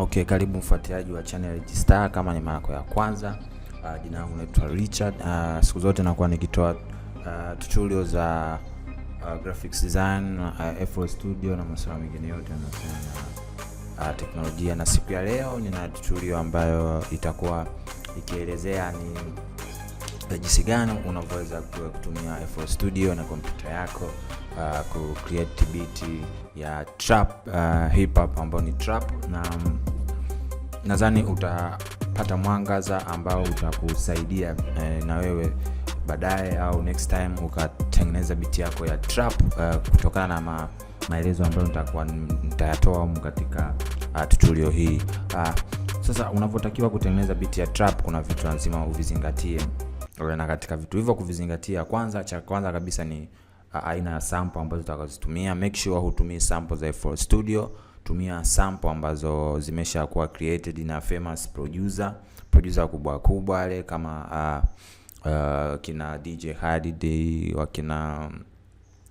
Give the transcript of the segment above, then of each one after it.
Okay, karibu mfuatiliaji wa channel Rijistar, kama ni mara ya kwanza, uh, jina langu naitwa Richard. Uh, siku zote nakuwa nikitoa uh, ah, tutorial za uh, graphics design, uh, FL Studio na masuala mengine yote yanayohusiana na uh, teknolojia, na siku ya leo nina tutorial ambayo itakuwa ikielezea ni eh, jinsi gani unavyoweza kutumia FL Studio na kompyuta yako uh, ku create beat ya trap uh, hip hop ambayo ni trap na nadhani utapata mwangaza ambao utakusaidia eh, na wewe baadaye au next time ukatengeneza biti yako ya trap uh, kutokana na ma, maelezo ambayo nitakuwa nitayatoa humu katika uh, tutorial hii uh, sasa unavyotakiwa kutengeneza biti ya trap kuna vitu lazima uvizingatie na katika vitu hivyo kuvizingatia kwanza cha kwanza kabisa ni uh, aina ya sample ambazo utakazozitumia make sure hutumii sample za FL Studio kutumia sample ambazo zimesha kuwa created na famous producer producer kubwa kubwa wale kama uh, uh, kina DJ Holiday wakina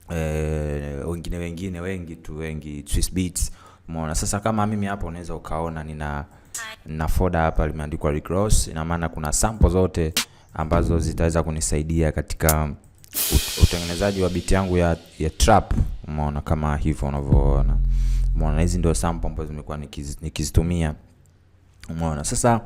uh, eh, wengine wengine wengi tu wengi Swiss Beats. Umeona sasa, kama mimi hapa unaweza ukaona nina na folder hapa limeandikwa Rick Ross, ina maana kuna sample zote ambazo zitaweza kunisaidia katika utengenezaji wa biti yangu ya, ya trap. Umeona kama hivyo unavyoona. Umeona, hizi ndio sample ambazo nimekuwa nikizitumia. Umeona, sasa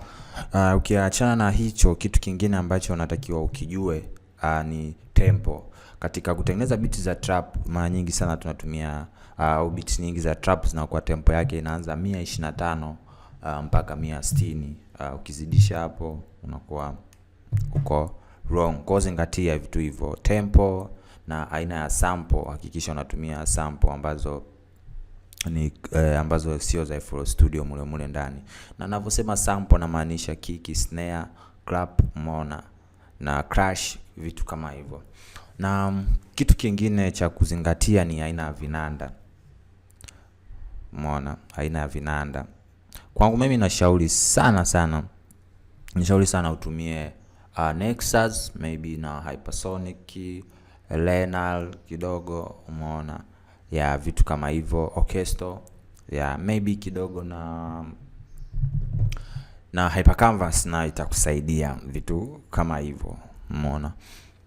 uh, ukiachana na hicho, kitu kingine ambacho unatakiwa ukijue uh, ni tempo. Katika kutengeneza biti za trap mara nyingi sana tunatumia uh, au uh, biti nyingi za trap zinakuwa tempo yake inaanza 125 uh, mpaka 160 uh, ukizidisha hapo unakuwa uko wrong. Kwa zingatia vitu hivyo, tempo na aina ya sample. Hakikisha unatumia sample ambazo ni eh, ambazo sio za FL Studio mule mule ndani, na ninavyosema sample namaanisha kick, snare, clap, mona na crash, vitu kama hivyo. Na mm, kitu kingine cha kuzingatia ni aina ya vinanda. Mona, aina ya vinanda kwangu mimi nashauri sana sana, nishauri sana utumie uh, Nexus maybe na Hypersonic, Lenal kidogo, umeona ya vitu kama hivyo orchestra ya yeah, maybe kidogo na na hyper canvas na itakusaidia vitu kama hivyo. Umeona,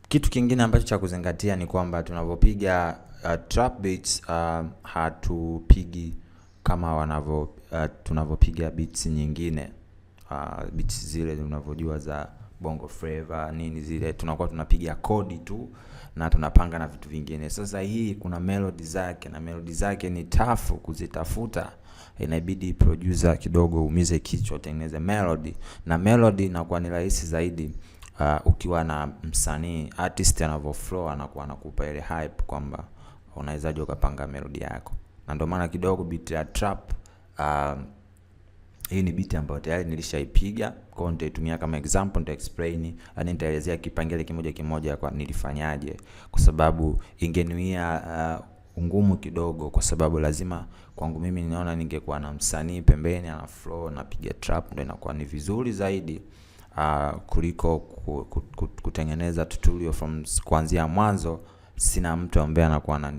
kitu kingine ambacho cha kuzingatia ni kwamba tunavyopiga uh, trap beats uh, hatupigi kama wanavyo uh, tunavyopiga beats nyingine uh, beats zile unavyojua za bongo flavor, nini zile, tunakuwa tunapiga kodi tu na tunapanga na vitu vingine. Sasa hii kuna melody zake na melody zake ni tafu kuzitafuta, inabidi producer kidogo umize kichwa, tengeneze melody na melody inakuwa ni rahisi zaidi. Uh, ukiwa na msanii artist flow, anakuwa anakupa ile hype kwamba unawezaje ukapanga melody yako, na ndio maana kidogo beat ya trap uh, hii ni biti ambayo tayari nilishaipiga, kwa hiyo nitaitumia kama example, nita explain, yani nitaelezea kipengele kimoja kimoja kwa nilifanyaje, kwa sababu ingenuia uh, ngumu kidogo, kwa sababu lazima kwangu mimi ninaona ningekuwa na msanii pembeni ana flow piga trap, ndio inakuwa ni vizuri zaidi uh, kuliko kutengeneza tutorial from kuanzia mwanzo sina mtu ambaye anakuwa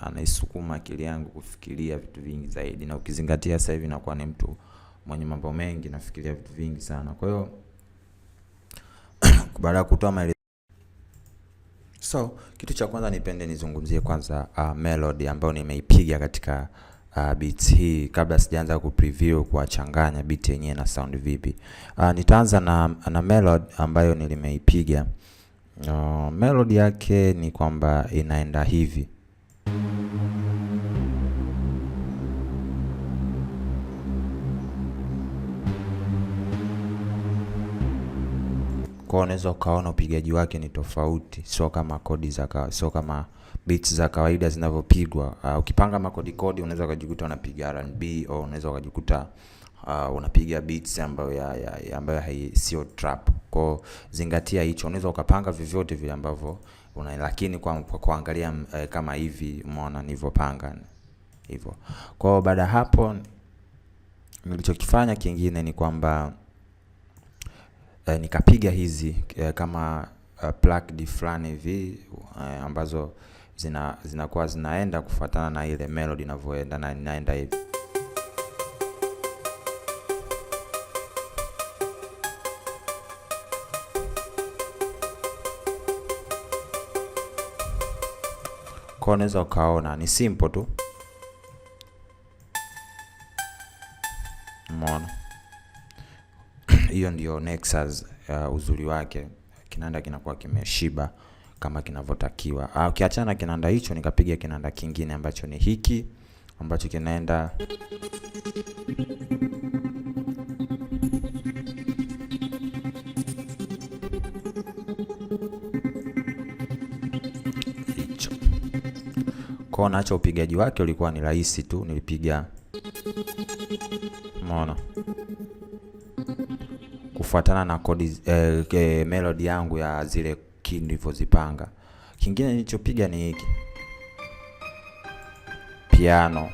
anaisukuma akili yangu kufikiria vitu vingi zaidi, na ukizingatia sasa hivi nakuwa ni mtu mwenye mambo mengi, nafikiria vitu vingi sana. Kwa hiyo baada ya kutoa maelezo, so kitu cha kwanza nipende nizungumzie kwanza uh, melody ambayo nimeipiga katika Uh, ah, beat hii kabla sijaanza ku preview kuwachanganya beat yenyewe na sound vipi. Uh, nitaanza na, na melody ambayo nilimeipiga Uh, melody yake ni kwamba inaenda hivi. Kwa unaweza ukaona upigaji wake ni tofauti, sio kama kodi za kawa, sio kama beats za kawaida zinavyopigwa. Uh, ukipanga makodi kodi unaweza ukajikuta unapiga R&B au unaweza ukajikuta uh, unapiga beats ambayo ya, ya, ya ambayo hai sio trap. Kwa zingatia hicho, unaweza ukapanga vyovyote vile ambavyo una, lakini kwa kuangalia uh, kama hivi umeona nilivyopanga hivyo. Kwa baada hapo nilichokifanya kingine ni kwamba uh, nikapiga hizi uh, kama uh, plug flani hivi uh, ambazo zinakuwa zina zinaenda kufuatana na ile melody inavyoenda na inaenda hivi. kwa unaweza ukaona ni simple tu, umeona hiyo ndio Nexus uh, uzuri wake, kinanda kinakuwa kimeshiba kama kinavyotakiwa. Ah, ukiachana na kinanda hicho, nikapiga kinanda kingine ambacho ni hiki ambacho kinaenda Kwa hiyo naacha upigaji wake ulikuwa ni rahisi tu, nilipiga umeona, kufuatana na kodi eh, eh, melody yangu ya zile ki nilivyozipanga. Kingine nilichopiga ni hiki piano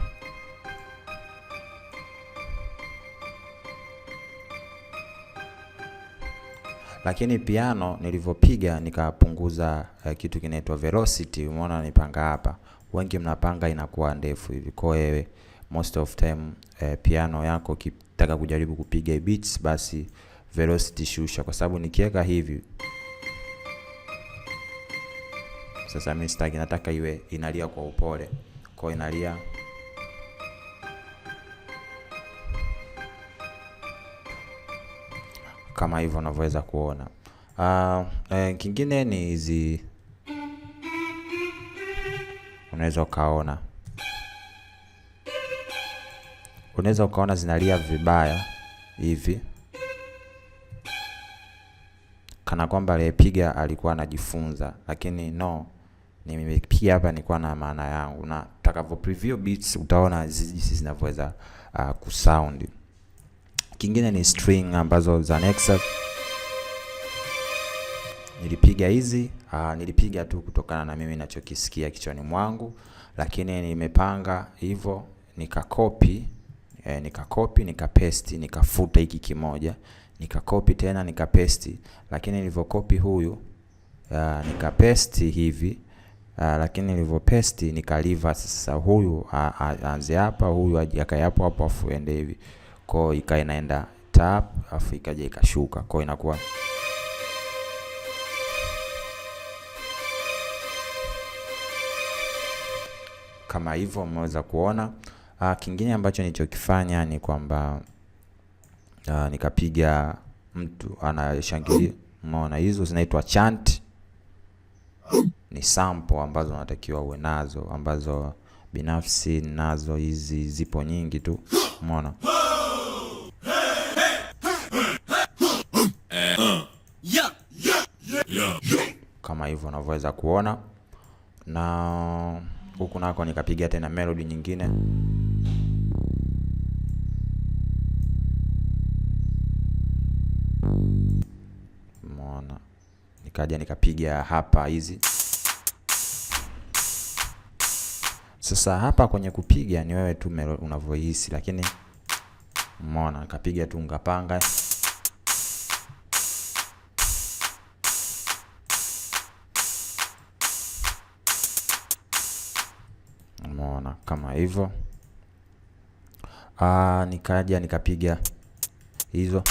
lakini piano nilivyopiga nikapunguza uh, kitu kinaitwa velocity. Umeona nipanga hapa wengi mnapanga inakuwa ndefu hivi. Kwa wewe most of time eh, piano yako ukitaka kujaribu kupiga beats, basi velocity shusha, kwa sababu nikiweka hivi sasa mimi sitaki, nataka iwe inalia kwa upole, kwa inalia kama hivyo unavyoweza kuona. Uh, eh, kingine ni hizi unaweza ukaona unaweza ukaona zinalia vibaya hivi, kana kwamba aliyepiga alikuwa anajifunza, lakini no, nimepiga hapa nilikuwa na maana yangu, na takavyo preview beats utaona jinsi zinavyoweza uh, kusound. Kingine ni string ambazo za Nexus nilipiga hizi uh, nilipiga tu kutokana na mimi ninachokisikia kichwani mwangu, lakini nimepanga hivyo nikakopi eh, nikakopi nikapesti nikafuta hiki kimoja nikakopi tena nikapesti, lakini nilivyokopi huyu uh, nikapesti hivi uh, lakini nilivyopesti nikaliva sasa, huyu aanze hapa, huyu akae hapo hapo, afu ende hivi kwao, ikawa inaenda tap afu ikaja ikashuka kwao inakuwa kama hivyo mmeweza kuona. Uh, kingine ambacho nilichokifanya ni kwamba uh, nikapiga mtu anashangilia, umeona hizo zinaitwa chant. Ni sample ambazo unatakiwa uwe nazo, ambazo binafsi nazo hizi zipo nyingi tu, umeona kama hivyo unavyoweza kuona na huku nako nikapiga tena melody nyingine mona nikaja nikapiga hapa hizi sasa hapa kwenye kupiga ni wewe tu unavyohisi, lakini mona nikapiga tu ngapanga umeona kama hivyo. Ah, nikaja nikapiga hizo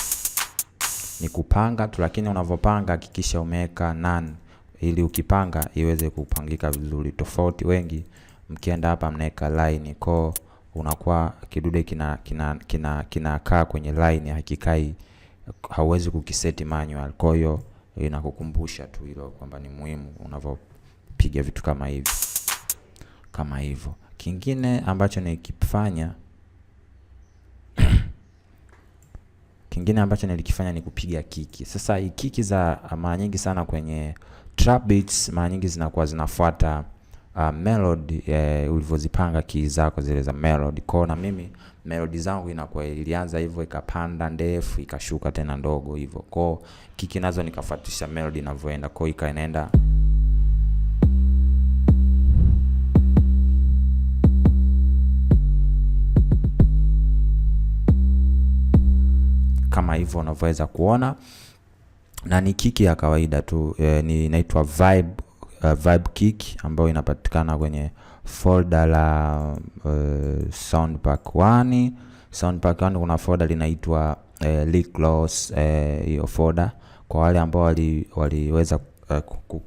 ni kupanga tu, lakini unavyopanga hakikisha umeweka none ili ukipanga iweze kupangika vizuri, tofauti wengi mkienda hapa mnaweka line ko unakuwa kidude kina kina kina kinakaa kwenye line, hakikai hauwezi kukiseti manual. Kwa hiyo inakukumbusha tu hilo kwamba ni muhimu unavyopiga vitu kama hivi kama hivyo. Kingine ambacho nilikifanya kingine ambacho nilikifanya ni kupiga kiki. Sasa hii kiki za ah, mara nyingi sana kwenye trap beats mara nyingi zinakuwa zinafuata uh, melody eh, ulivyozipanga kii zako zile za melody. Kwa na mimi melody zangu inakuwa ilianza hivyo ikapanda ndefu ikashuka tena ndogo hivyo. Kwa kiki nazo nikafuatisha melody inavyoenda. Kwa ikaenda kama hivyo unavyoweza kuona, na ni kiki ya kawaida tu e, ni inaitwa Vibe, uh, Vibe kick ambayo inapatikana kwenye folder la uh, e, Soundpack 1. Soundpack 1 kuna folder linaitwa uh, e, leak Loss hiyo uh, folder kwa wale ambao waliweza wali uh,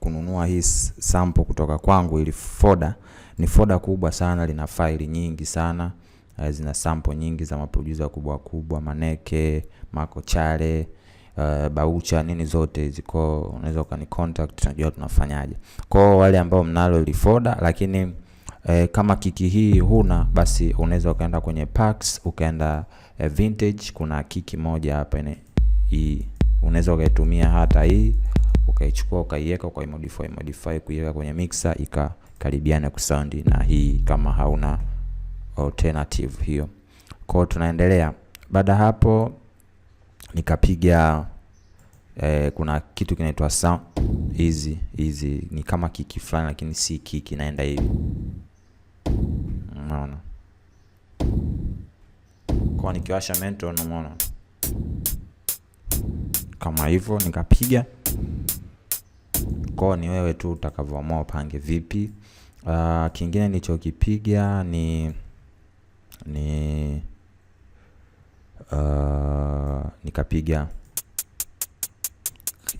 kununua hii sample kutoka kwangu, ili folder ni folder kubwa sana, lina faili nyingi sana uh, zina sample nyingi za maproducer wakubwa wakubwa, Maneke, Marco Chale, uh, Baucha nini zote ziko unaweza ukani contact, tunajua tunafanyaje. Kwa wale ambao mnalo lifoda lakini eh, kama kiki hii huna basi, unaweza ukaenda kwenye packs ukaenda eh, vintage. Kuna kiki moja hapa hii, unaweza ukaitumia hata hii ukaichukua ukaiweka ukaimodify modify kuiweka kwenye mixer ikakaribiana kusaundi na hii, kama hauna alternative hiyo. Kwa tunaendelea. Baada hapo nikapiga eh, kuna kitu kinaitwa sound hizi hizi ni kama kiki fulani lakini si kiki, inaenda hivi. Unaona? Kwa nikiwasha mento unaona. Kama hivyo nikapiga. Kwa ni wewe tu utakavyoamua upange vipi. Uh, kingine nilichokipiga ni ni uh, nikapiga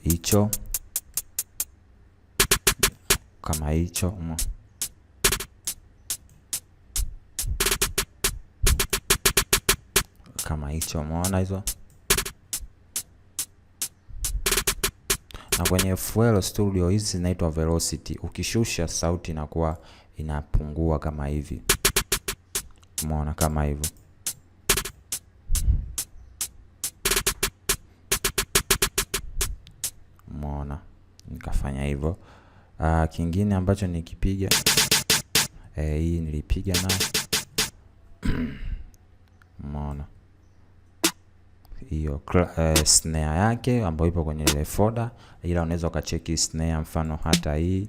hicho kama hicho kama hicho, umeona hizo. Na kwenye FL Studio hizi zinaitwa velocity, ukishusha sauti inakuwa inapungua kama hivi umeona kama hivyo. Umeona, nikafanya hivyo. Uh, kingine ambacho nikipiga eh, hii nilipiga na umeona hiyo uh, snare yake ambayo ipo kwenye ile folder, ila unaweza ukacheki snare, mfano hata hii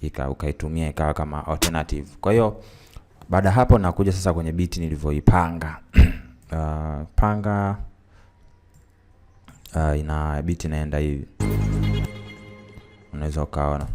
ika ukaitumia ikawa kama alternative. Kwa hiyo baada hapo nakuja sasa kwenye biti nilivyoipanga. Uh, panga uh, ina biti inaenda hivi, unaweza ukaona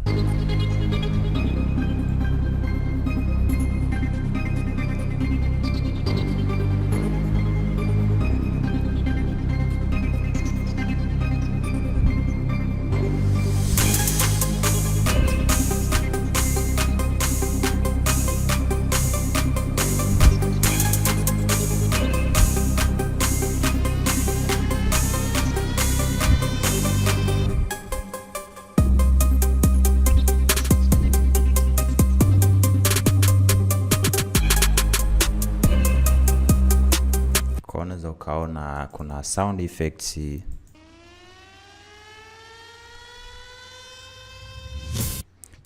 unaweza ukaona kuna sound effects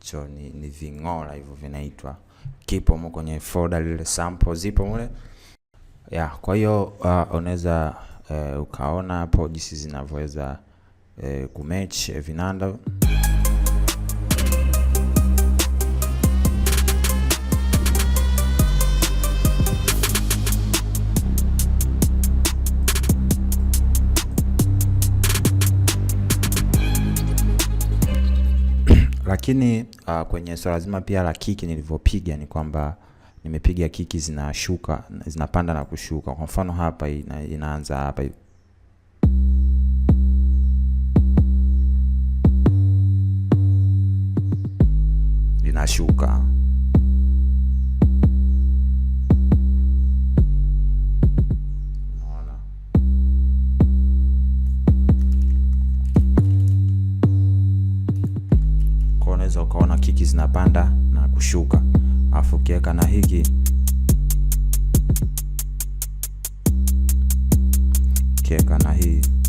cho ni, ni ving'ola hivyo vinaitwa, kipo mo kwenye folder lile sample zipo mule ya. Kwa hiyo uh, unaweza uh, ukaona hapo jinsi zinavyoweza uh, kumatch vinanda Lakini uh, kwenye swala zima pia la kiki nilivyopiga ni kwamba nimepiga kiki zinashuka zinapanda na kushuka. Kwa mfano hapa ina, inaanza hapa inashuka hiki zinapanda na kushuka, alafu ukiweka na hiki ukiweka na hii